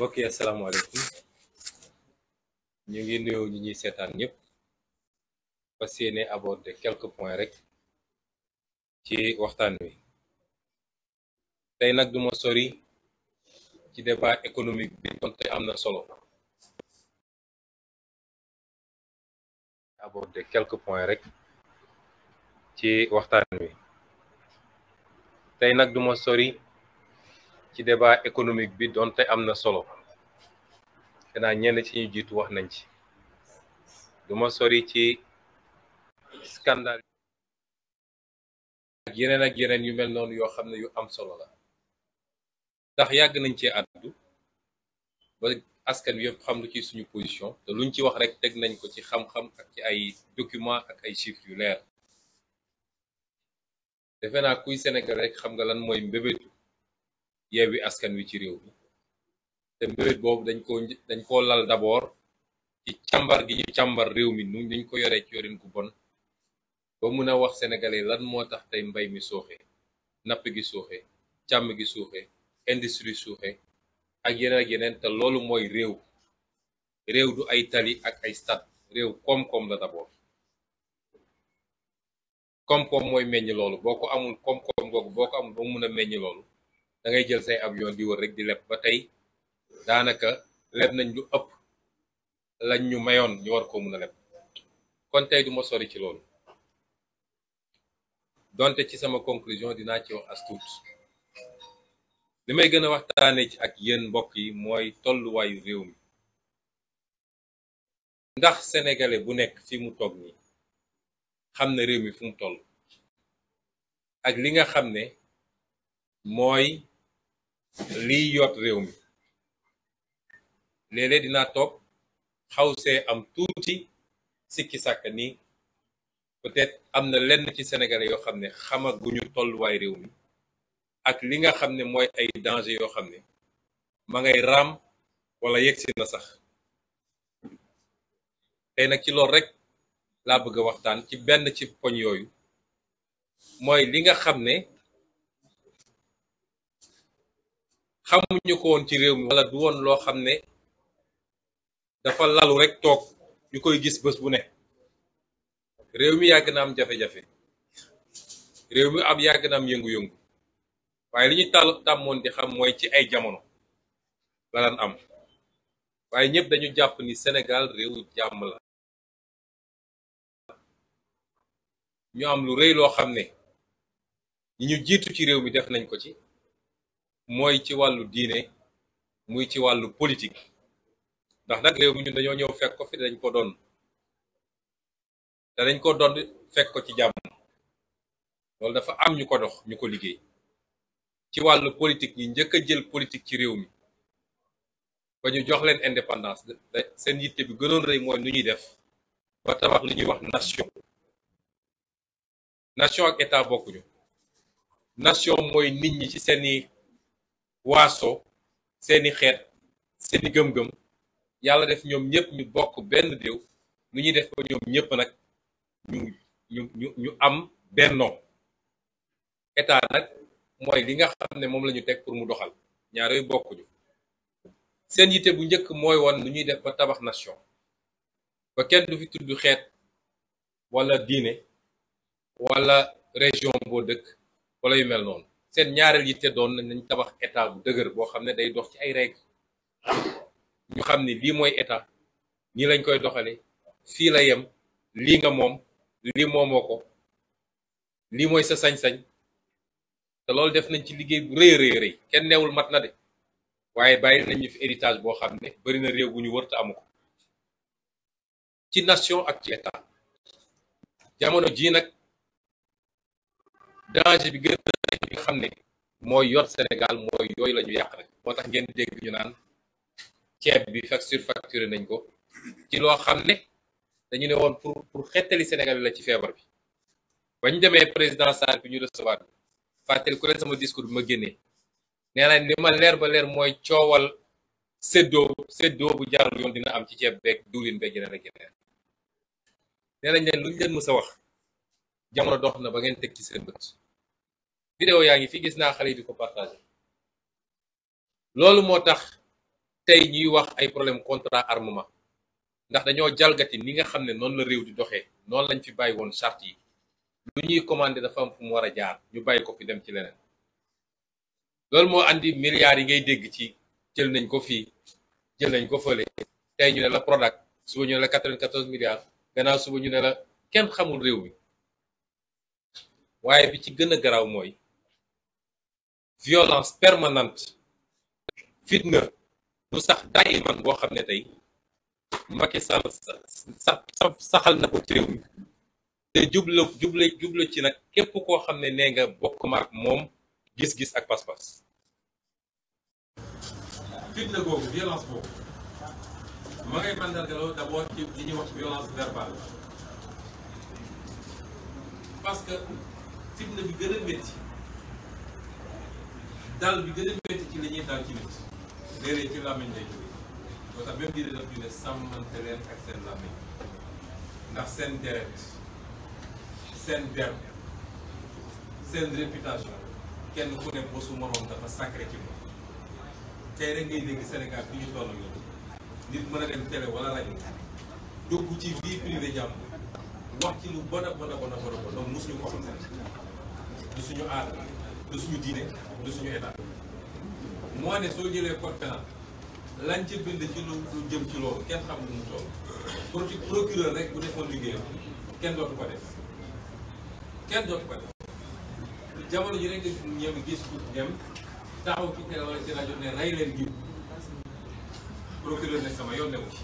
mbokk yi asalaamaaleykum ñu ngi nuyu ñi ñuy seetaan ñëpp fas yéene de quelques points rek ci waxtaan wi tey nag duma sori ci débat économique bi konte am na solo de quelques points rek ci waxtaan wi tey nag duma sori ci débat économique bi donte am na solo danaa ñenn ci ñu jiitu wax nañ ci duma sori ci scandale ak yeneen ak yeneen yu mel noonu yoo xam ne yu am solo la ndax yàgg nañ ci àddu ba askan wi xam lu ci suñu position te luñ ci wax rek teg nañ ko ci xam-xam ak ci ay document ak ay chiffres yu leer defe naa kuy Sénégal rek xam nga lan mooy mbébétu wi askan wi ci réew mi te mbébét boobu dañ ko dañ koo lal d'abord ci càmbar gi ñu càmbar réew mi nu dañ ko yoree ci yorin ku bon ba mun a wax sénégalais lan moo tax tey mbay mi suuxe napp gi suuxee càmm gi suuxee industrie suuxe ak yeneen ak yeneen te loolu mooy réew réew du ay tali ak ay stade réew koom-koom la d'abord koom-koom mooy meññ loolu boo ko amul koom-koom boo ko amul ba mun a meññ loolu dangay jël say avion di wër rek di leb ba tey daanaka leb nañ lu ëpp lañ ñu mayoon ñu war koo mun a leb kon tey du ma sori ci loolu donte ci sama conclusion dinaa ci wax as tuut li may gën a waxtaane ci ak yéen mbokk yi mooy tolluwaayu réew mi ndax sénégalais bu nekk fi mu toog nii xam na réew mi fu mu toll ak li nga xam ne mooy lii yoot réew mi léeg-léeg dinaa toog xaw se am tuuti siki sàkk ni peut-être am na lenn ci sénégalais yoo xam ne xamaguñu tolluwaay réew mi ak li nga xam ne mooy ay danger yoo xam ne ma ngay raam wala yegsi na sax tey nag ci loolu rek laa bëgg a waxtaan ci benn ci poñ yooyu mooy li nga xam ne ñu ko woon ci réew mi wala du woon loo xam ne dafa lalu rek toog ñu koy gis bës bu ne réew mi yàgg na am jafe-jafe réew mi ab yàgg na am yëngu-yëngu waaye li ñu tàll tàmmoon di xam mooy ci ay jamono la am waaye ñëpp dañu jàpp ni Sénégal réewu jàmm la ñu am lu rëy loo xam ne ñi ñu jiitu ci réew mi def nañ ko ci mooy ci wàllu diine muy ci wàllu politique ndax nag réew mi ñun dañoo ñëw fekk ko fi dañ ko doon danañ ko doon fekk ko ci jàmm loolu dafa am ñu ko dox ñu ko liggéey ci wàllu politique ñi njëkk a jël politique ci réew mi ba ñu jox leen indépendance seen yitte bi gënoon rey mooy nu ñuy def ba tabax li ñuy wax nation nation ak état bokkuñu nation mooy nit ñi ci seeni waaso seeni xeet seeni gëm-gëm yàlla def ñoom ñëpp ñu bokk benn déew lu ñuy def ba ñoom ñëpp nag ñu ñu ñu ñu am bennoo état nag mooy li nga xam ne moom lañu ñu teg pour mu doxal ñaar yooyu bokkuñu seen yitte bu njëkk mooy woon lu ñuy def ba tabax nation ba kenn du fi tudd xeet wala diine wala région boo dëkk wala yu mel noonu seen ñaareel yi te doon nañ tabax état bu dëgër boo xam ne day dox ci ay règles ñu xam ni lii mooy état nii lañ koy doxale fii la yem lii nga moom lii moomoo ko lii mooy sa sañ-sañ te loolu def nañ ci liggéey bu rëy rëy rëy kenn neewul mat na de waaye bàyyi nañ ñu fi héritage boo xam ne bari na réew bu ñu wër amu ko ci nation ak ci état jamono jii nag danger bi gën a nga xam ne mooy yor Sénégal mooy yooyu lañu yàq rek moo tax ngeen dégg ñu naan ceeb bi fekk surfacturé nañ ko ci loo xam ne dañu ne woon pour pour xettali Sénégal la ci feebar bi bañ demee président Sarr bi ñu recevoir bi fàttali ku leen sama discours bi ma génnee nee naa li ma leer ba leer mooy coowal séddoo séddoo bu jaarul yoon dina am ci ceeb beeg diwlin beeg yeneen ak nañ leen lu ñu leen mës a wax jamono dox na ba ngeen teg ci seen bët vidéo yaa ngi fi gis naa xale yi di ko partagé loolu moo tax tey ñuy wax ay problème contrat armement ndax dañoo jalgati ni nga xam ne noonu la réew di doxee noonu lañ fi bàyyi woon charte yi lu ñuy commandé dafa am fu mu war a jaar ñu bàyyi ko fi dem ci leneen loolu moo indi milliards yi ngay dégg ci jël nañ ko fii jël nañ ko fële tey ñu ne la Prodac suba ñu ne la 94 milliards gannaaw suba ñu ne la kenn xamul réew mi waaye bi ci gën a garaaw mooy violence permanente fitna bu sax daayi man boo xam ne tey Macky saxal na ko réew mi te jubla jubla jubla ci nag képp koo xam ne nee nga bokk ma ak moom gis-gis ak pas-pas fitna boobu violence boobu ma ngay mandargaloo ci li ñuy wax violence verbale parce que bi gën a dal bi gën a ci li ñuy ci nit léeg ci làmmiñ lay jóge moo tax même diine ne sàmmante ak seen làmmiñ ndax seen deret seen der seen réputation kenn ku ne bosu moroom dafa sacré ci moom tey ngay dégg Sénégal fi ñu toll nii nit mën a dem télé wala rajo dugg ci vie privée jàmm wax ci lu bon a bon a bon a bon a ko xam ne du suñu aada du suñu diine du suñu état moo ne soo jëlee code pénal lañ ci bind ci lu jëm ci loolu kenn xam lu mu toll procureur rek bu defoon liggéeyam kenn dootu ko def kenn dootu ko def jamono ji rek nga ñëw gis ku dem taxaw procureur ne sama yoon newu ci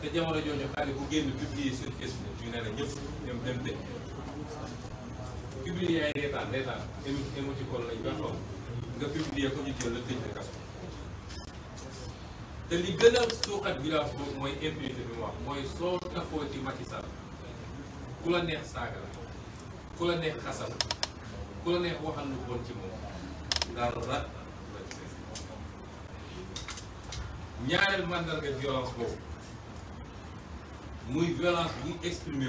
te jamono jooju xale bu génn publier sur Facebook yu ne la ñëpp dem dem publier yaay reetaan reetaan émoticône lañ koy xool nga publier ko ñu la tëj la kaso te li gën a suuxat village boobu mooy impunité bi mu wax mooy soo tafoo ci Macky ku la neex saaga ku la neex xasal ku la neex waxal lu ci moom dara la ñaareel màndarga violence boobu muy violence buy exprimé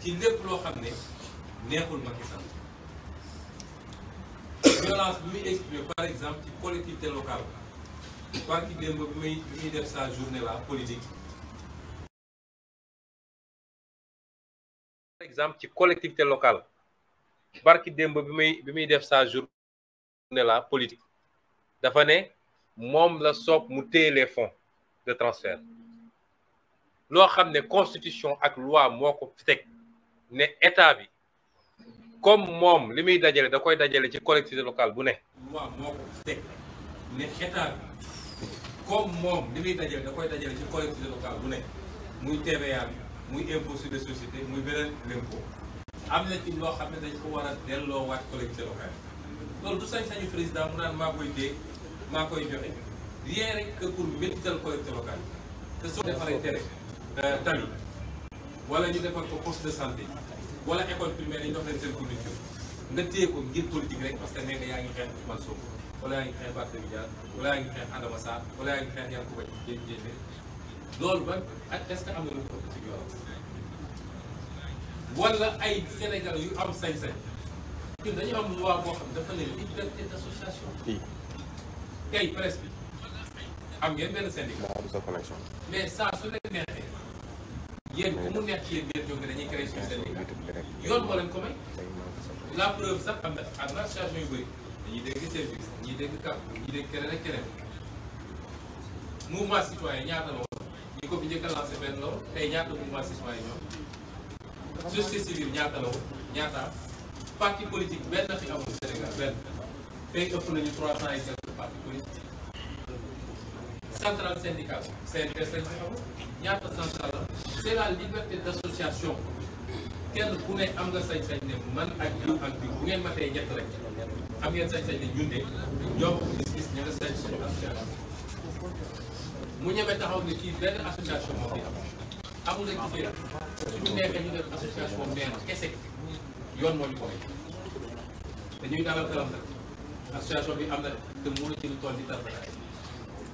ci lépp loo xam ne Macky Sall violence bi par exemple ci collectivité locale par qui démb bi bi def sa journée la politique par exemple ci collectivité locale barki qui bi bi def sa journée là politique dafa né mom la sop mu les fonds de transfert lo xamné constitution ak loi moko n'est né état comme moom li muy dajale da koy dajale ci collectivité locale bu ne. waa moo ko teg ne état comme moom li muy dajale da koy dajale ci collectivité locale bu ne muy TVA bi muy impôt de les mu muy beneen l'impôt am na ci loo xam ne dañ ko war a delloowaat collectivité locale loolu sañ-sañu président mu naan maa koy dee maa koy joxe rien rek que pour méttital collectivité locale te soo defaree tere euh, tali wala ñu defal ko poste de santé. wala école primaire yi jox leen seen fourniture nga téye ko ngir politique rek parce que nee nga yaa ngi xeex Ousmane Sonko wala yaa ngi xeex Barthélémy Dias wala yaa ngi xeex Adama Sarr wala yaa ngi xeex Yankhoba Diémé loolu ba ak est-ce que am na lu ko ci yoon wala ay Sénégal yu am sañ-sañ ñun dañu am loi boo xam dafa ne liberté d'association tey presse bi am ngeen benn syndicat mais saa su leen neexee yéen bu mu nekk yéen ngeen jóg ne dañuy créer suñu syndicat yoon moo leen ko may la preuve sax am na administration yu bëri dañuy dégg service dañuy dégg kàpp dañuy dégg keneen ak keneen mouvement citoyen ñaata la woon ñi ko fi njëkk a lancé benn la woon tey ñaata mouvement citoyen ñoom société civile ñaata la woon ñaata parti politique benn fi amul Sénégal benn tey ëpp nañu trois cent et quelques parti politique central syndicat CNP sañ fi amul ñaata central c'est la liberté d'association kenn ku ne am nga sañ-sañ ne man ak diw ak diw bu ngeen matee ñett rek am ngeen sañ-sañ ne ñun de ñoo ko gis-gis ñu nga sañ suñu association mu ñeme taxaw ne kii benn association moo fi am amul la ci biir suñu nekkee ñu def association maire kese yoon moo ñu koy te ñuy dalal këram nag association bi am na te mënu ci lu toll di tarbataay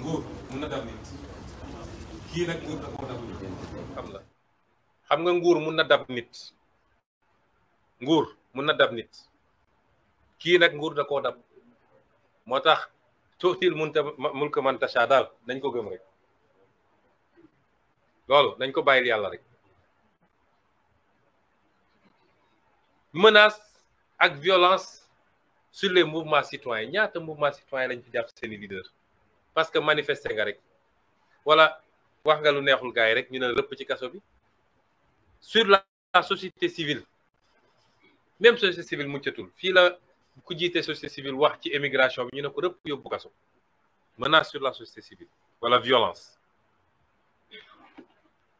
nguur kii xam nga nguur mun na dab nit nguur mun na dab nit nguur da dab munta mulka man tasha daal nañ ko gëm rek loolu nañ ko bàyyil rek menace ak violence sur les mouvements citoyens ñaata mouvement citoyen lañ fi jàpp leader parce que manifester nga rek wala wax nga lu neexul gars rek ñu ci bi sur la société civile même société civile muccatul fi la ku jité société civile wax ci émigration bi ñu ne ko repp yobbu kasso menace sur la société civile Voilà, violence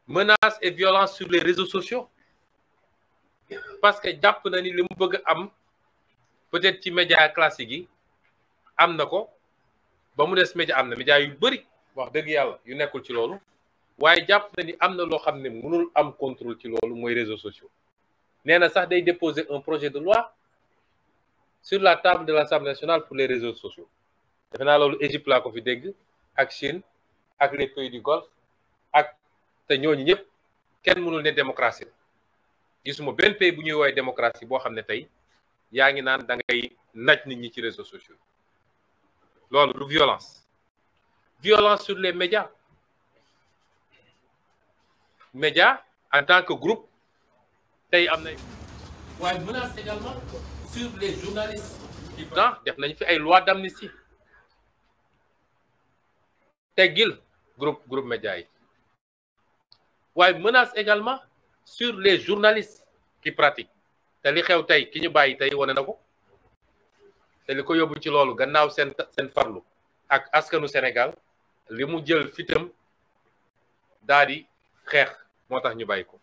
menace et violence sur les réseaux sociaux parce que japp na ni limu bëgg am peut-être ci média classique yi am na ba mu des média am na média yu bëri wax dëgg yàlla yu nekkul ci loolu waaye jàpp na ni am na loo xam ne mënul am contrôle ci loolu mooy réseaux sociaux nee na sax day déposer un projet de loi sur la table de l'Assemblée nationale pour les réseaux sociaux defe loolu Égypte laa ko fi dégg ak Chine ak les pays du Golfe ak te ñooñu ñëpp kenn mënul ne démocratie la gisuma benn pays bu ñuy woowee démocratie boo xam ne tey yaa ngi naan da ngay naj nit ñi ci réseaux sociaux loi de violence violence sur les médias médias en tant que groupe tey amené. Oui, menace également sur les journalistes ci def y fi ay loi d'amnistie teggil groupe groupe média Oui, menace également sur les journalistes qui pratiquent te li xew tey ki ñu bàyyi tey na te li ko yóbbu ci loolu gannaaw seen seen farlu ak askanu Sénégal li mu jël fitam daldi xeex moo tax ñu bàyyi ko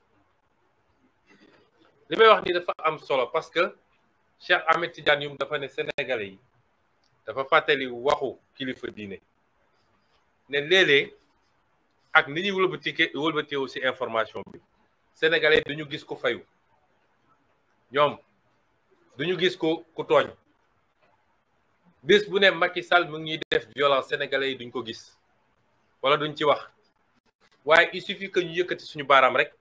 li may wax ni dafa am solo parce que Cheikh Ahmed Tidiane Youm dafa ne sénégalais yi dafa fàttali waxu kilifa diine ne léeg ak ni ñuy wëlbatike wëlbateewu ci information bi sénégalais ñu gis ku fayu ñoom duñu gis ku ku tooñ bis bu ne Macky Sall mu ngi def violence sénégalais yi duñ ko gis wala duñ ci wax waaye il suffit que ñu yëkkati suñu baaraam rek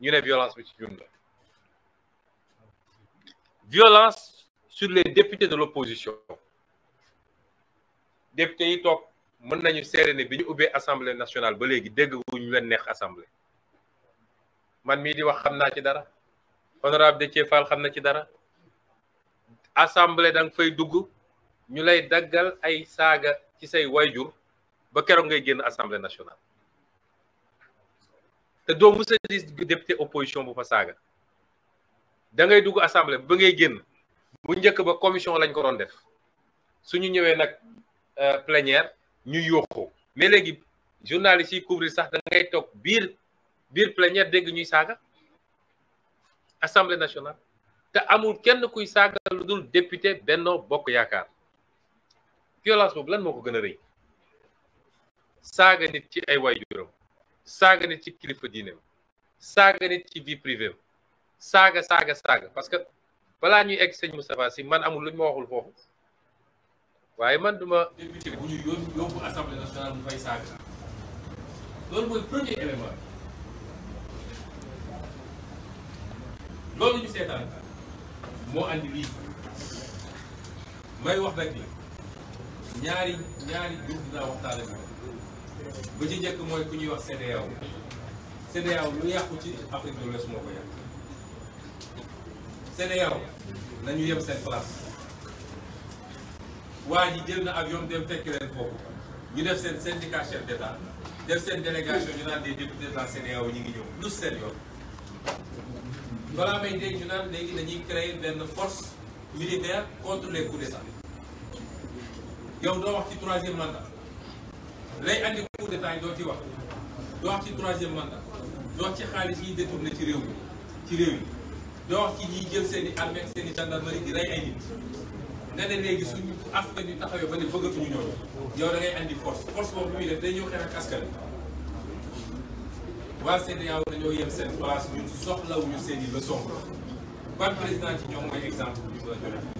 ñu ne violence bi ci ñun la violence sur les députés de l'opposition député yi toog mën nañu seere ne bi ñu ubbee assemblée nationale ba léegi dégg ñu leen neex assemblée man mii di wax xam naa ci dara honorable Déthié Fall xam na ci dara assemblée da nga fay dugg ñu lay daggal ay saaga ci say wayjur ba keroog ngay génn assemblée nationale te doo mës a gis député opposition bu fa saaga da ngay dugg assemblée ba ngay génn bu njëkk ba commission lañ ko doon def suñu ñëwee nag euh, plénière ñu yóoxoo mais léegi journaliste yi couvrir sax da toog biir biir plénière dégg ñuy saaga assemblée nationale te amul kenn kuy saaga lu dul député Benno Bokk Yaakaar violence boobu lan moo ko gën a rëy saaga nit ci ay waajuram saaga nit ci kilifa diineem saaga nit ci vie privée saaga saaga saaga parce que balaa ñuy egg sëñ Moustapha Sy man amul lu ñu ma waxul foofu waaye man duma député bu ñu yóbbu assemblée nationale bu fay saaga loolu mooy premier élément loolu ñu seetaan moo andi lii may wax nag ñaari ñaari groupe dinaa waxtaane bi ba ci jëkk mooy ku ñuy wax CEDEAO CEDEAO lu yàqu ci Afrique de l'Ouest moo ko yàq CEDEAO nañu yem seen place waa ji jël na ak yoon dem fekk leen foofu ñu def seen syndicat chef d'état def seen délégation ñu naan des députés de la CEDEAO ñu ngi ñëw lus seen yoon balaa may dégg ñu naan léegi dañuy créer benn force militaire contre les yow doo wax ci troisième mandat lay andi coup d'état doo ci wax doo wax ci troisième mandat doo wax ci xaalis yi détourné ci réew mi ci réew yi doo wax ci ñiy jël seen i armée seen gi gendarmerie rey ay nit nga ne léegi suñu askan yu taxawee ba ne bëggatuñu ñooñu yow da ngay andi force force boobu muy def day ñëw xeex ak askan waa CEDEAO dañoo yem seen place ñun soxlawuñu seen i la ban président ci ñoom mooy exemple bi ñu la joxe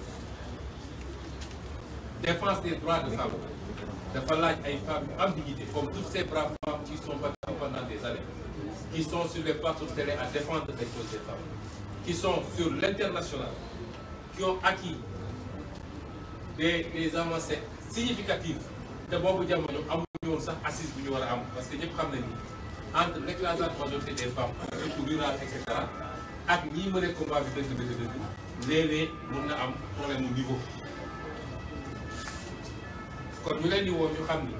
défense des droits de femmes de laaj ay femmes comme toutes ces braves femmes qui sont battues pendant des années qui sont sur les pas de terre à défendre les droits des femmes qui sont sur l'international qui ont acquis des des avancées significatives de boobu jamono amuñu sax assise bu am parce que ñëpp xam nañu entre de majorité des femmes les rurales et cetera ak ñi les a combat bi dëgg dëgg les problème au niveau kon ñu leen di woo ñu xam ni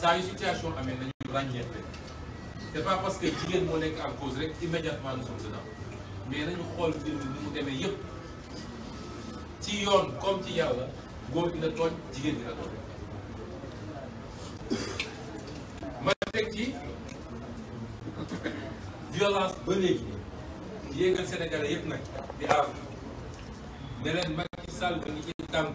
saa yu situation amee nañu ràññeente c'est pas parce que jigéen moo nekk en cause rek immédiatement soo sommes dedans mais nañu xool mbir mi ni mu demee yépp ci yoon comme ci yàlla góor dina tooñ jigéen dina tooñ ma ci violence ba léegi yéegal Sénégalais yépp nag di ne leen Macky Sall ba ngi ci tànk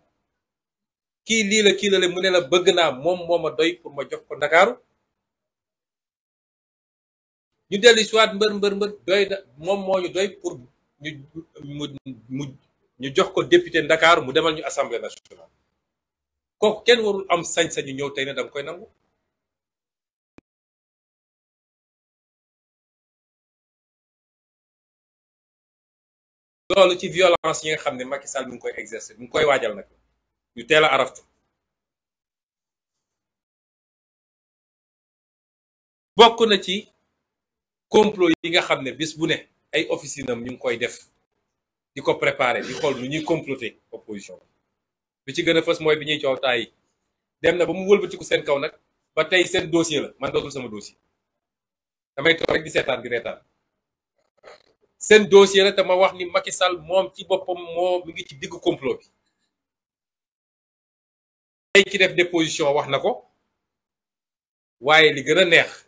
kii lii la kii la mu ne la bëgg naa moom moo ma doy pour ma jox ko ndakaaru ñu dellu si waat mbër mbër mbër doy moom moo ñu doy pour ñu mu ñu jox ko député ndakaaru mu demal ñu assemblée nationale kooku kenn warul am sañ-sañu ñëw tey ne danga koy nangu loolu ci violence yi nga xam ne Macky Sall ngi koy exercer mu ngi koy waajal nag ñu teel a araftu bokk na ci complot yi nga xamne bis bu ne ay officinam ñu koy def diko préparer di xol nu ñuy comploter opposition bi ci gëna fess moy bi ñuy coow dem na ba mu ku seen kaw nak ba tay seen dossier la man dootul sama dossier damay tok rek di seetaan di reetaan seen dossier la te ma wax ni Macky Sall mom ci bopam mo mi ngi ci diggu complot bi ay ki def déposition wax nako waye li neex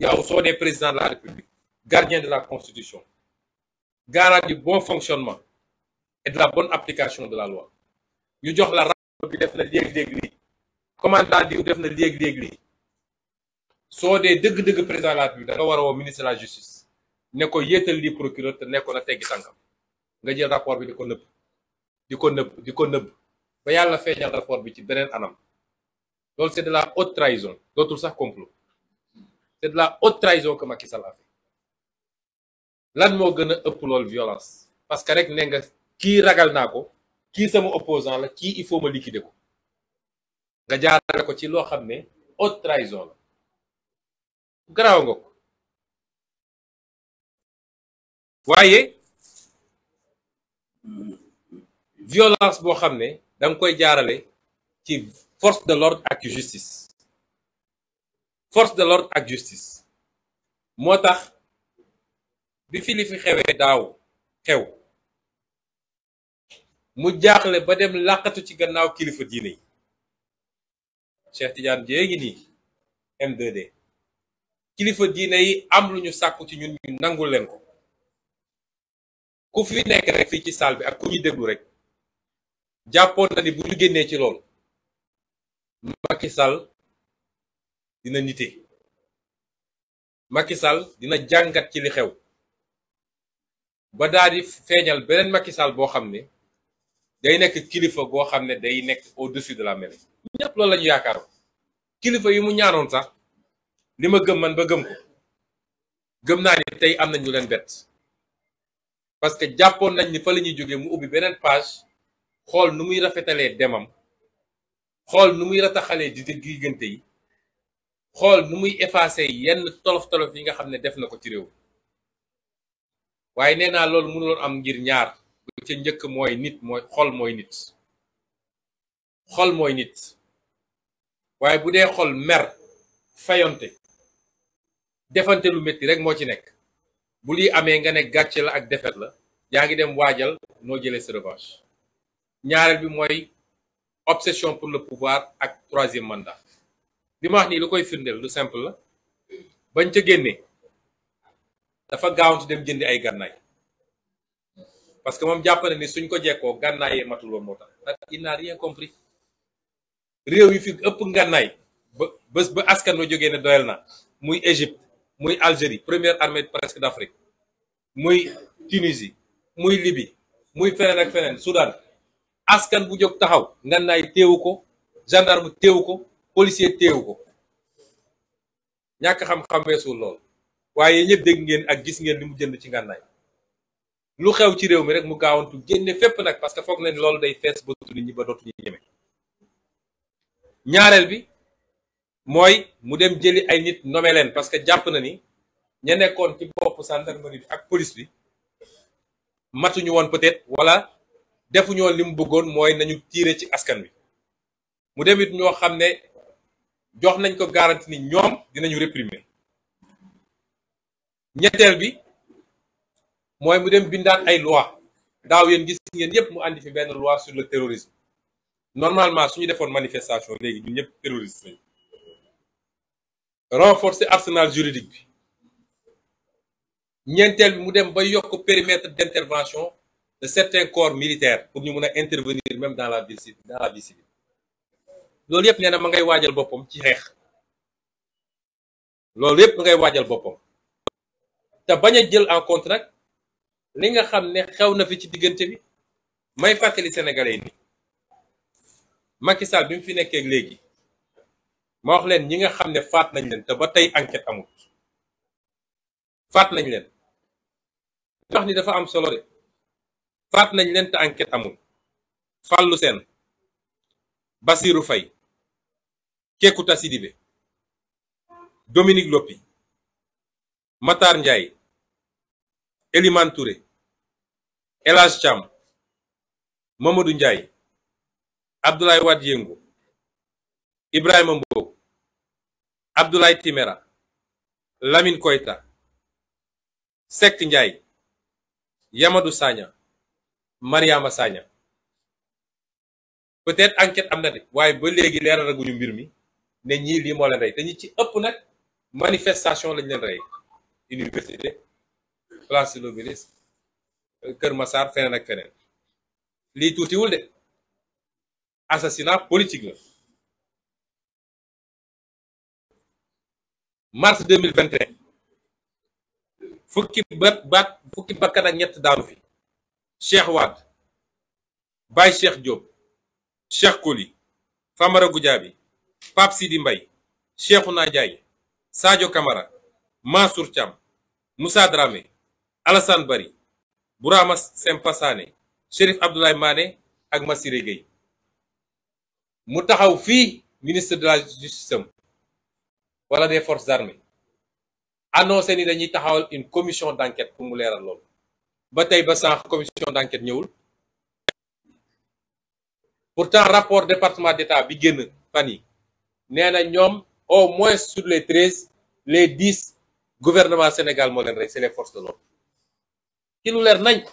yow so des président de la république gardien de la constitution garant du bon fonctionnement et de la bonne application de la loi ñu jox la rapport bi def na léeg-léeg Comment commandant diou def na léeg deg li so président de la république da nga wara a ministre de la justice neko ko li procureur te neko na teggi nga jël rapport bi ba yàlla feeñal rapport bi ci beneen anam lool c'est de la haute trahison dootul sax complot la haute trahison que Macky Sall a lan moo gën a ëpp loolu violence parce que rek nee nga kii ragal naa ko kii sama opposant la kii il faut ma liquider ko nga jaarale ko ci loo xam ne haute trahison la garaaw nga ko waaye violence boo xam ne da nga koy jaarale ci force de l'ordre ak justice force de l'ordre ak justice moo tax bi fi li fi xewee daaw xew mu jaaxle ba dem làqatu ci gannaaw kilifa diine yi Cheikh Tidiane Dièye ngi nii m kilifa diine yi am lu ñu sàkku ci ñun ñu nangul leen ko ku fi nekk rek fii ci saal bi ak ku ñuy déglu rek japon na ni bu ñu génnee ci lool Macky Sall dina nité Macky Sall dina jangat ci li xew ba daal di feeñal beneen Macky Sall bo xamné day nek kilifa goo xamné day nek au-dessus de la mêlée ñepp lool lañu ñu yaakaar kilifa yi mu ñaanon sax lima gëm man ba gëm ko gëm na ni tay am na ñu leen bet parce que japon nañ ni fa lañu joggé mu ubi benen page xool nu muy rafetalee demam xool nu muy rataxalee di diggante yi xool nu muy effacer yenn tolof-tolof yi nga xam ne def na ko ci réew waaye nee naa loolu mënuloon am ngir ñaar bu ca njëkk mooy nit mooy xol mooy nit xol mooy nit waaye bu dee xol mer fayonte defante lu métti rek moo ci nekk bu lii amee nga ne gàcce la ak defet la yaa ngi dem waajal noo jëlee sa revanche ñaareel bi mooy obsession pour le pouvoir ak troisième mandat li ma wax nii lu koy firndeel lu simple la bañ ca génnee dafa gaawantu dem jëndi ay gànnaay parce que moom jàpp na ni suñ ko jekkoo gànnaayee matul woon moo tax ndax il n'a rien compris réew yi fi ëpp ngànnaay ba bés ba askan wa jógee ne doyal na muy Égypte muy Algérie première armée presque d'Afrique muy Tunisie muy libi muy feneen ak feneen Soudan askan bu jóg taxaw ngan naay téewu ko gendarme téewu ko policier téewu ko ñàkk xam-xam weesul lool waaye ñëpp dégg ngeen ak gis ngeen li mu jënd ci ngànnaay lu xew ci réew mi rek mu gaawantu génne fépp nag parce que foog na ni loolu day fees ba nit ñi ñu dootuñu ñeme ñaareel bi mooy mu dem jëli ay nit nommé leen parce que jàpp na ni ña nekkoon ci bopp gendarmerie bi ak police bi matuñu woon peut wala defuñu woon li mu bëggoon mooy nañu tiire ci askan bi mu dem it ñoo xam ne jox nañ ko garantie ni ñoom dinañu réprimer ñetteel bi mooy mu dem bindaan ay loi daaw yéen gis ngeen yépp mu àndi fi benn loi sur le terrorisme su suñu defoon manifestation léegi ñun ñëpp terroriste lañu renforcer arsenal juridique bi ñeenteel bi mu dem ba yokk périmètre d'intervention de certains corps militaires pour ñu mëna intervenir même dans la vie civile dans la vie civile loolu yépp néna ma ngay waajal bopom ci xex loolu yépp ngay waajal bopom ta baña a jël en compte nak li nga xamné ne xew na fi ci digënté bi may fatali sénégalais ni Macky Sall bimu fi nekkee légui ma wax leen ñi nga xamné fat nañ leen te ba tay enquête amul fat nañ leen wax ni dafa am solo de. faat nañ leen te amul Fallou Sène Bassirou Faye Kékouta Sidibé Dominique Lopi Matar Ndiaye Elimane Touré El Hadj Thiam Mamadou Ndiaye Abdoulaye Ibrahima Mbow Abdoulaye Timera Lamine Koita Seck Ndiaye Yamadou Sagna Mariama Sagna peut-être enquête am na de waaye ba léegi leeralaguñu mbir mi ne ñii lii moo leen rey te ñi ci ëpp na manifestation lañ leen rey université place de l'Obélisque Kër Massar feneen ak feneen lii tuutiwul de assassinat politique la mars 2021 fukki ba ak ñett daanu fi Cheikh Wade Baye Cheikh Diop Cheikh Koli Famara Goudiaby Pape Sidi Mbaye Cheikhouna Ndiaye Sadio Camara Mansour Thiam Moussa Dramé Alassane Bari Bourama Sempa Sané Chérif Abdoulaye ak Massiré Gueye mu taxaw fii ministre de la justice am wala des forces armées annoncé ni dañuy taxawal une commission d'enquête pour mu leeral loolu bataille tey commission d'enquête pourtant rapport département d'état bi génn en au moins sur les 13, les 10 gouvernements Sénégal c'est les forces de l'ordre Qui nous l'air nañ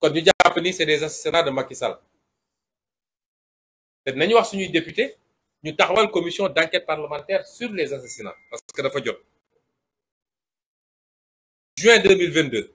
Quand nous disons ni c'est des assassinats de Macky Sall te nañu wax députés, député ñu une commission d'enquête parlementaire sur les assassinats parce que dafa jot juin 2022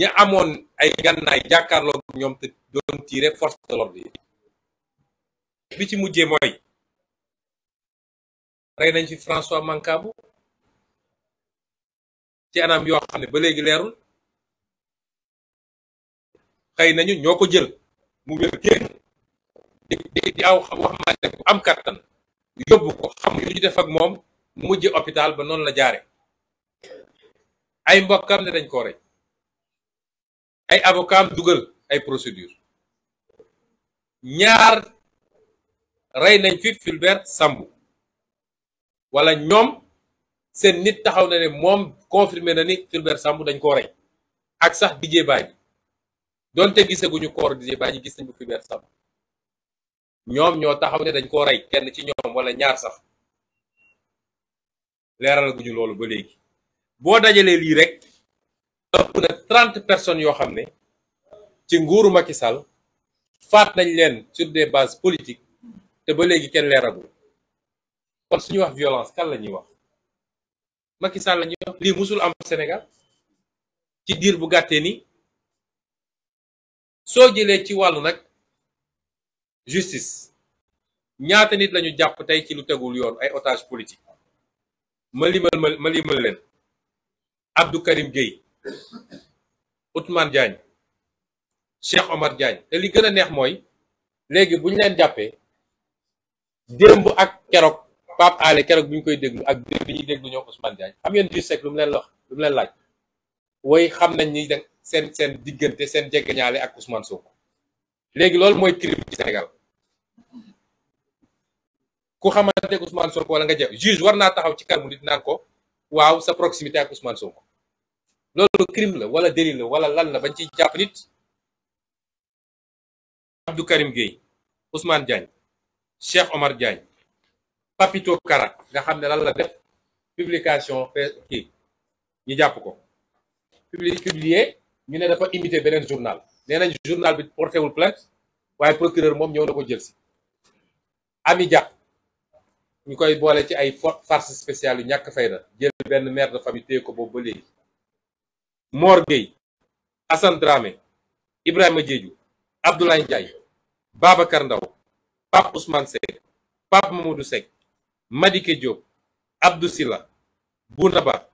ña amoon ay gànnaay jàkkaarloo ñoom te doon tiire force de l'ordre yi bi ci mujjee mooy rey nañ fi François Mancabou ci anam yoo xam ne ba léegi leerul xëy nañu ñoo ko jël mu wér génn di di aw wax maane bu am kàttan yóbbu ko xam yu ñu def ak moom mujj hôpital ba noonu la jaare ay mbokkam ne dañ koo rey ay avocat am dugal ay procédure ñaar rey nañ fi Fulbert Sambou wala ñoom seen nit taxaw na ne moom confirmé na ni Fulbert Sambou dañ koo rey ak sax Didier doonte donte gisaguñu koor Didier Badji gis nañ ko Fulbert Sambou ñoom ñoo taxaw ne dañ koo rey kenn ci ñoom wala ñaar sax leeral guñu loolu ba léegi boo dajalee lii rek ëppuna 30 personnes yo xamné ci nguuru Macky Sall faat nañ leen sur des bases politiques té ba léegi kenn leeragul kon suñu wax violence kan lañuy wax Macky Sall lañuy wax li musul am Sénégal ci dir bu gatté ni so ci walu nak justice ñaata nit lañu japp tay ci lu tegul yoon ay otage politique ma limal ma Abdou Karim Gueye Ousmane Diagne Cheikh Omar Diagne te li gën a neex mooy léegi bu leen jàppee démb ak keroog Pape Alé keroog bi koy déglu ak démb bi ñuy déglu ñoom Ousmane Diagne xam ngeen juge sec lu mu leen wax lu mu leen laaj way xam nañ ni seen seen diggante seen jegeñaale ak Ousmane Sonko léegi loolu mooy crime ci Sénégal ku xamante Ousmane Sonko wala nga jëf juge war naa taxaw ci kanamu nit naan ko waaw sa proximité ak Ousmane Sonko loolu crime la wala délit la wala lan la bañ ciy jàpp nit Abdou Karim Gueye Ousmane Diagne Cheikh Omar Diagne Papito nga xam ne lal la def publication fait kii ñu jàpp ko publi publier ñu ne dafa imiter beneen journal nee nañ journal bi porté wul waaye procureur moom ñëw na ko jël si ami jàpp ñu koy boole ci ay force spéciale yu ñàkk fayda jël benn mère de famille téye ko boobu ba léegi Mor Gueye Assane Dramé Ibrahima Diédhiou Abdoulaye Ndiaye Babacar Ndaw Pape Ousmane Seck Pape Mamadou Seck Madické Diop Abdou Silla Bouna Ba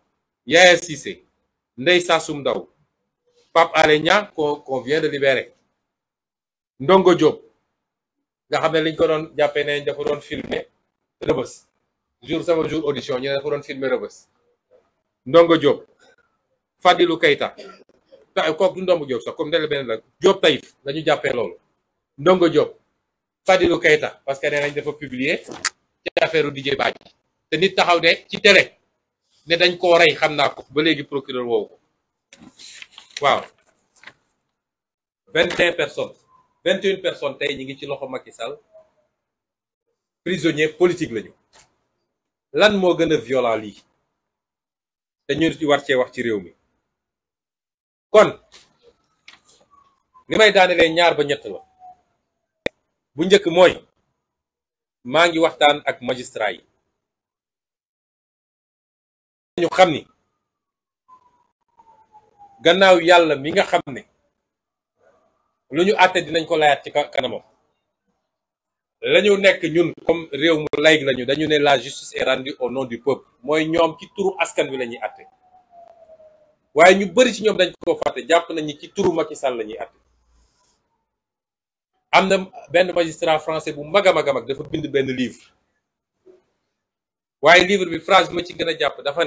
Yaya Cissé Ndeye Sassoum Ndaw Pape Alé Niang qu'on de libérer Ndongo Diop nga xam ne liñ ko doon jàppee ne dafa doon filmer jour sama jour audition ñu ne dafa doon filmer Ndongo Diop Fadilou Keita ta kooku du Ndongo Diop sax comme dele beneen la Diop Taïf la jàppee loolu Ndongo Diop Fadilou Keita parce que nee nañ dafa publier ci affaire Didier te nit taxaw de ci télé ne dañ ko rey xam naa ko ba léegi procureur woowu ko waaw vingt et un personnes vingt et personnes tey ñi ngi ci loxo Macky Sall prisonnier politique lañu lan moo gën a violent lii te ñu war wax ci réew mi kon li may daanelee ñaar ba ñett la bu njëkk mooy maa ngi waxtaan ak magistrat yi xam ni gannaaw yàlla mi nga xam ne lu ñu àtte dinañ ko layaat ci kanamam la ñu nekk ñun comme réew mu layg lañu dañu ne la justice est rendue au nom du peuple mooy ñoom ci turu askan wi lañuy ñuy waye ñu ci dañ ko ci la magistrat français bu a dafa bind livre livre bi phrase ma ci gëna a dafa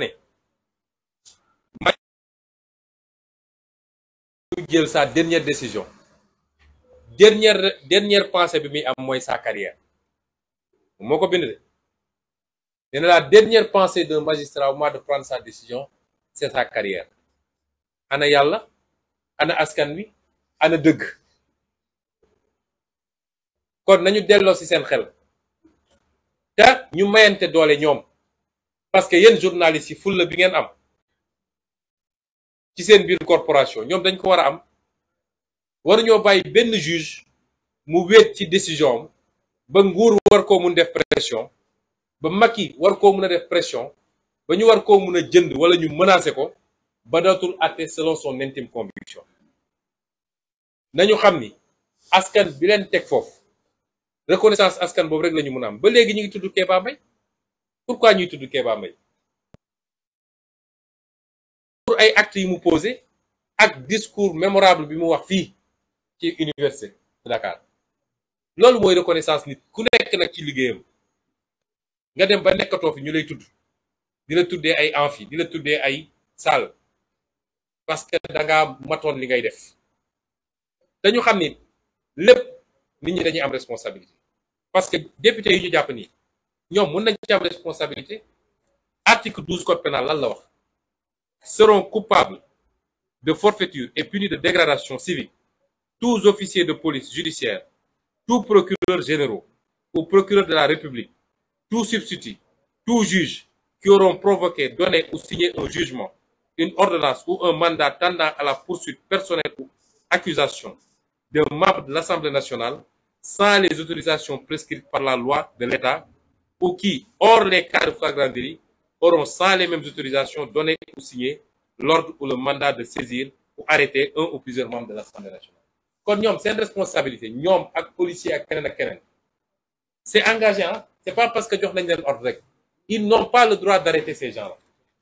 jël sa dernière décision dernière dernière pensée bi mi am sa carrière bind la dernière pensée d'un magistrat au de prendre sa décision c'est sa carrière ana yàlla ana askan wi ana dëgg kon nañu delloo ci seen xel te ñu mayante doole ñoom parce que yéen journalistes yi fulla bi ngeen am ci seen biir corporation ñoom dañ ko war am am waruñoo bàyyi benn juge mu wéet ci décision am ba nguur war koo mun def pression ba Macky war koo mun def pression ba ñu war koo mun a jënd wala ñu menacer ko ba dootul àtte selon son intime conviction nañu xam ni askan bi leen teg foofu reconnaissance askan boobu rek la ñu mën a am ba léegi ñu ngi tudd Kéba Mbaye pourquoi ñuy tudd Kéba Mbaye ay actes yi mu posé ak discours mémorable bi mu wax fii ci université de Dakar loolu mooy reconnaissance nit ku nekk nag ci liggéeyam nga dem ba nekkatoo fi ñu lay tudd di la tuddee ay amphi di la tuddee ay salle parce que da ngaa matoon li ngay def dañu xamni lepp nit ñi dañuy responsabilité parce que député yi ñu japp ni ñom mën responsabilité article 12, code pénal lan seront coupables de forfaiture et punis de dégradation civique tous officiers de police judiciaire tous procureurs généraux ou procureurs de la République tous substituts tous juges qui auront provoqué donné ou signé un jugement une ordonnance ou un mandat tendant à la poursuite personnelle ou accusation d'un membre de l'Assemblée nationale sans les autorisations prescrites par la loi de l'État ou qui, hors les cas de flagrant délit, auront sans les mêmes autorisations données ou signées l'ordre ou le mandat de saisir ou arrêter un ou plusieurs membres de l'Assemblée nationale. C'est une responsabilité C'est engagé. Ce n'est c'est engageant c'est pas parce que ils n'ont pas le droit d'arrêter ces gens-là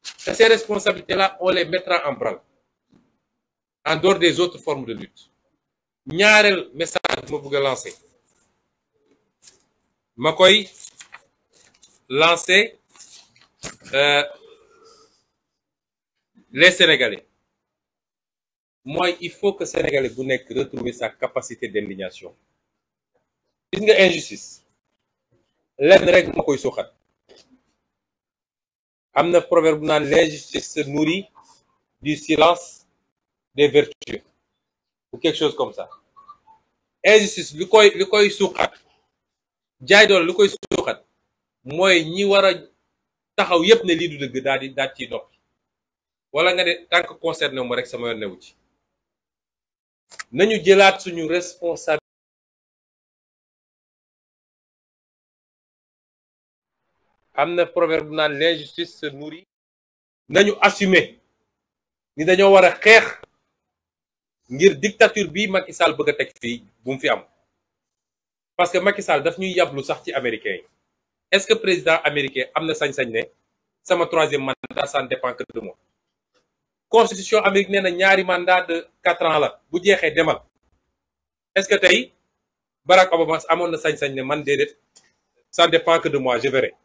ces responsabilités-là, on les mettra en branle, en dehors des autres formes de lutte. ñaareel message que je lancer lancer. ma koy lancé euh, les Sénégalais Moi, il faut que Sénégalais bu sa capacité d'indignation C'est une injustice lenn rek ma amna proverbe se nourrit du silence des vertus ou quelque chose comme ça injustice li koy li koy ñi taxaw yépp ne li du dëgg dal di dal ci wala nga ne tank concerné mo rek sama am proverbe n'a l'injustice se nourrit nañu assumer ni dañoo wara xex ngir dictature bi Macky Sall bëgg tek fi bu mu fi am parce que Macky Sall daf ñuy yablu sax ci américain est-ce que président américain amna sañ-sañ ne sama troisième mandat ça ne dépend que de moi constitution américaine na ñaari mandat de 4 ans la bu jeexee demal est-ce que tay Barack Obama amoon na sañ-sañ ne man ça ne dépend que de moi je verrai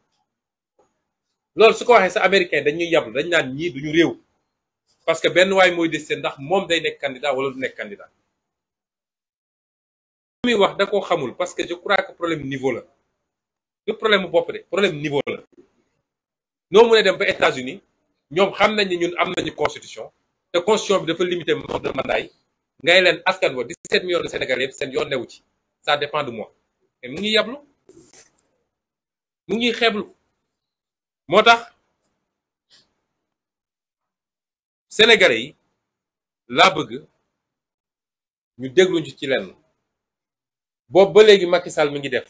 loolu su ko waxee sa américain dañuy yablu dañ naan ñii duñu réew parce que benn waay mooy décidé ndax moom day nekk candidat wala du nekk candidat muy wax da ko xamul parce que je crois que problème niveau la du problème mu bopp de problème niveau la noo mu ne dem ba États-Unis ñoom xam nañ ne ñun am nañu constitution te constitution bi dafa limité nombre de mandat yi ngay leen askan wa 17 millions de Sénégalais yëpp seen yoon newu ci ça dépend de moi mais mu ngi yablu mu ngi xeeblu moo tax sénégalais yi laa bëgg ñu déglu ci lenn boobu ba léegi Macky sal mi ngi def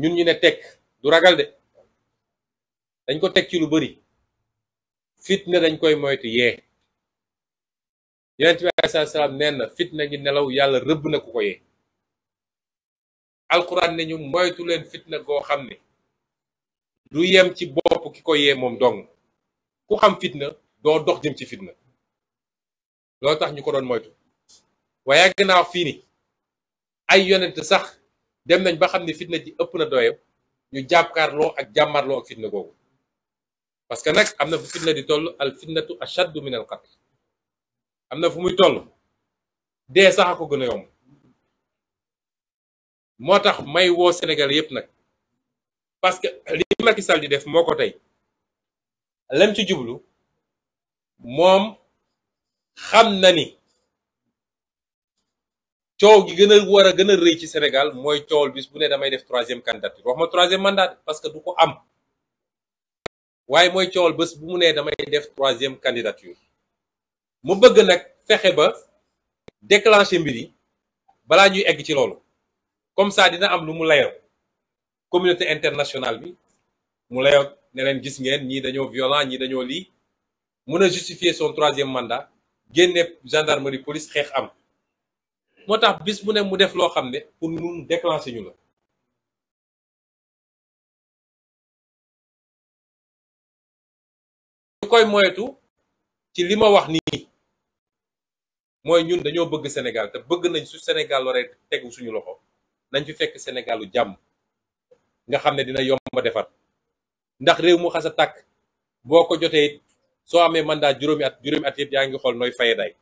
ñun ñu ne tekk du ragal de dañ ko teg ci lu bari fitna dañ koy moytu yee yonent bi alayhi salaam nee na fitna ngi nelaw yàlla rëbb na ku ko yee alquran ne ñu moytu leen fitna goo xam ne du yem ci bopp ki ko yee moom dong ku xam fitna doo dox dem ci fitna loo tax ñu ko doon moytu waaye yàgg naa fii ni ay yonent sax dem nañ ba xam ne fitna ji ëpp na doyam ñu jàkkaarloo ak jàmmarloo ak fitna googu parce que nag am na fu fitna di toll al fitnatu ashaddu min al qatl am na fu muy toll dee sax a ko gën yomb moo tax may woo Sénégal yépp nag parce que li Macky Sall di def moo ko tey lem ci jublu moom xam na ni coow gi gën a war a gën a rëy ci Sénégal mooy coowal bis bu ne damay def troisième candidature wax ma troisième mandat parce que du ko am waaye mooy coowal bés bu mu ne damay def troisième candidature mu bëgg nag fexe ba déclencher balaa ñuy egg ci loolu comme saa dina am lu mu layoo communauté internationale bi mu lay ne leen gis ngeen ñii dañoo violent ñi dañoo lii mun a justifier son troisième mandat génne gendarmerie police xeex am moo tax bis bu ne mu def loo xam ne pour nun déclencher ñu la ñu koy moyetu ci lima ma wax nii mooy ñun dañoo bëgg Sénégal te bëgg nañ su Sénégal lore tegu suñu loxo nañ fi fekk Sénégalu jàmm nga xam ne dina yomb a defar ndax réew mu xas a tàkk boo ko jotee it soo amee mandat juróomi at juróomi at yëpp yaa ngi xool nooy faye day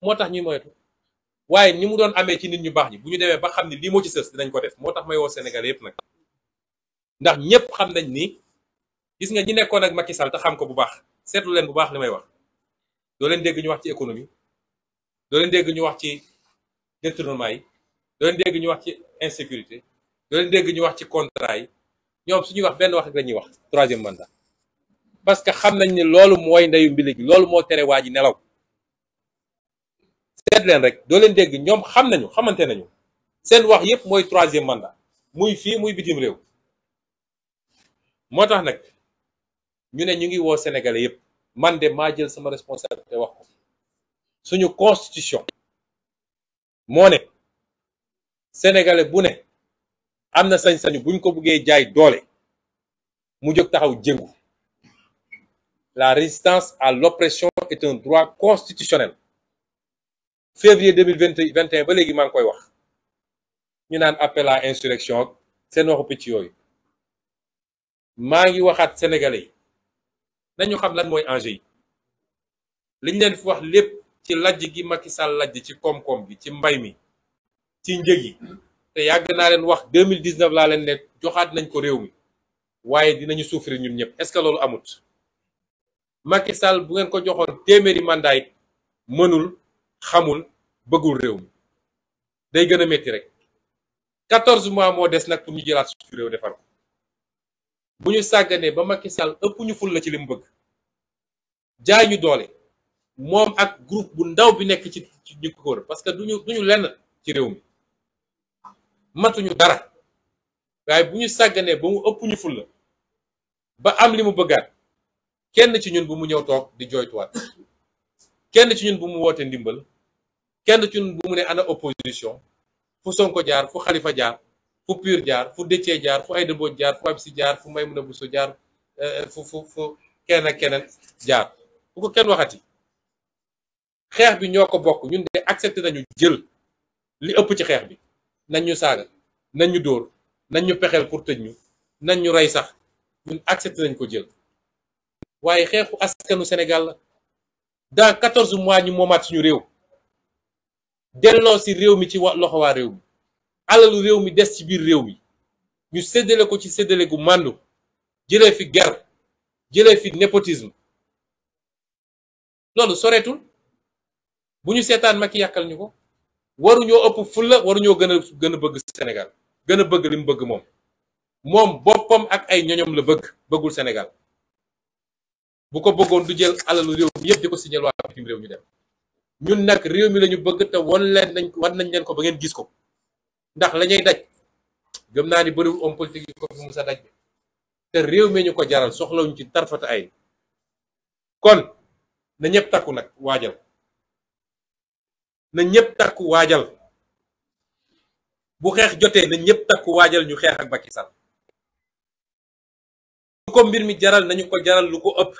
moo tax ñuy moytu waaye ni mu doon amee ci nit ñu baax ñi bu ñu demee ba xam ni lii moo ci sës dinañ ko def moo tax may woo Sénégal yépp nag ndax ñëpp xam nañ ni gis nga ñi nekkoon ak Macky Sall te xam ko bu baax seetlu leen bu baax li may wax doo leen dégg ñu wax ci économie doo dégg ñu wax ci détournement yi doo dégg ñu wax ci insécurité doo leen dégg ñu wax ci contrat yi ñoom suñuy wax benn wax rek la ñuy wax troisième mandat parce que xam nañ ne loolu mooy ndeyu mbili gi loolu moo tere waa ji nelaw seet leen rek doo leen dégg ñoom xam nañu xamante nañu seen wax yépp mooy troisième mandat muy fii muy bitim réew moo tax nag ñu ne ñu ngi woo sénégalais yépp man de maa jël sama responsabilité wax ko suñu constitution moo ne sénégalais bu ne am na sañ-sañu buñ ko buggee jaay doole mu jóg taxaw jéngu la résistance à l'oppression est un droit constitutionnel février 2021 ba léegi maa ngi koy wax ñu naan appel à insurrection ak seen waxu picc yooyu maa ngi waxaat sénégalais yi nañu xam lan mooy enjeu yi liñ leen fi wax lépp ci lajj gi Macky Sall lajj ci koom-koom bi ci mbay mi ci njëg yi te yàgg naa leen wax 2019 laa leen ne joxaat nañ ko réew mi waaye dinañu souffrir ñun ñëpp est-ce que loolu amut Macky Sall bu ngeen ko joxoon téeméeri mandat mënul xamul bëggul réew mi day gën a métti rek 14 mois moo des nag pour ñu jëlaat réew defar ko bu ñu sàgganee ba Macky Sall ëpp ñu la ci li bëgg jaay ñu doole moom ak groupe bu ndaw bi nekk ci ci ñu ko parce que du duñu lenn ci réew mi. matuñu dara waaye bu ñu sàgganee ba mu ëpp ñu fulla ba am li mu bëggaat kenn ci ñun bu mu ñëw toog di jooytuwaat kenn ci ñun bu mu wootee ndimbal kenn ci ñun bu mu ne ana opposition fu Sonko jaar fu Khalifa jaar fu Pur jaar fu Déthié jaar fu Aïda Mbodj jaar fu Absi jaar fu Maïmouna Bousso jaar euh, fu fu fu kenn ak keneen jaar bu ko kenn waxati xeex bi ñoo ko bokk ñun de accepté nañu jël li ëpp ci xeex bi nañ ñu saaga nañ ñu dóor nañ ñu pexeel pour tëj ñu nañ ñu rey sax ñun accepté nañ ko jël waaye xeexu askanu Sénégal daa dans quatorze mois ñu moomaat suñu réew delloo si réew mi ci wa réew mi alalu réew mi des ci biir réew mi ñu seddale ko ci séddale gu màndu jëlee fi guerre jëlee fi népotisme loolu soreetul bu ñu seetaan Macky yàkkal ñu ko waruñoo ëpp fulla waruñoo gën a gën a bëgg Sénégal gën a bëgg li bëgg moom moom boppam ak ay ñoñom la bëgg bëggul Sénégal bu ko bëggoon du jël alalu réew mi yëpp di ko signal waa bitim réew ñu dem ñun nag réew mi lañu ñu bëgg te wan leen nañ wan nañ leen ko ba ngeen gis ko ndax lañuy ñuy daj gëm naa ni bëriwul homme politique yi ko fi mu sa daj te réew mi ñu ko jaral soxla soxlawuñ ci tarfata ay kon na ñëpp takku nag waajal na ñëpp takku waajal bu xeex jotee na ñëpp takku waajal ñu xeex ak Macky Sall lu ko mbir mi jaral nañu ko jaral lu ko ëpp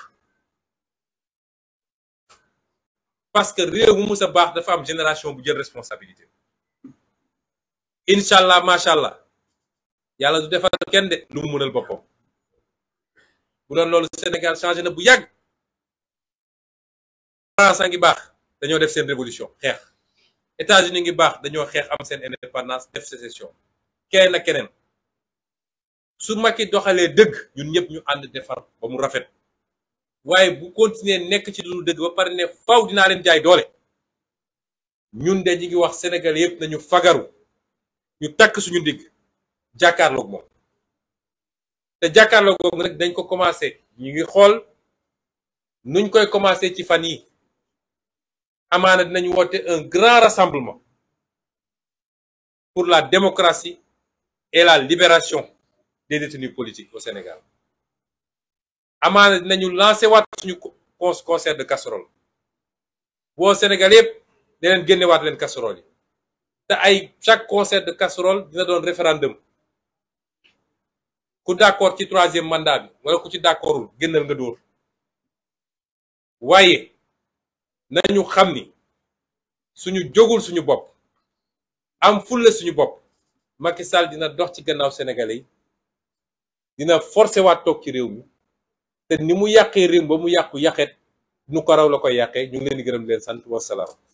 parce que réew mu musa baax dafa am génération bu jël responsabilité incha allah macha allah yàlla du defal kenn de lu mu mënal boppam bu doon loolu Sénégal changé na bu yàgg France a ngi baax dañoo def seen révolution xeex États-Unis ngi baax dañoo xeex am seen indépendance def sécession keneen ak keneen su Macky doxalee dëgg ñun ñëpp ñu ànd defar ba mu rafet waaye bu continuer nekk ci lu dëgg ba pare ne faw dinaa leen jaay doole ñun de ñi ngi wax Sénégal yëpp nañu fagaru ñu takk suñu ndigg jàkkaarloog moom te jàkkaarloog moom nag dañ ko commencé ñu ngi xool nuñ koy commencé ci fan yi amaana dinañu woote un grand rassemblement pour la démocratie et la libération des détenus politiques au Sénégal amaana dinañu lancer waat suñu de casserole woo Sénégal yëpp da leen génne leen casserole yi te ay chaque concert de casserole dina doon référendum ku d'accord ci troisième mandat bi wala ku ci d'accordul génnal nga dóor waaye nañu xam ni suñu jógul suñu bopp am fulla suñu bopp Macky Sall dina dox ci gannaaw Sénégalais yi dina forcé waat toog ci réew mi te ni mu yàqee réew ba mu yàqu yàqet nu ko raw la koy yàqee ñu ngi leen di gërëm leen sant wasalaam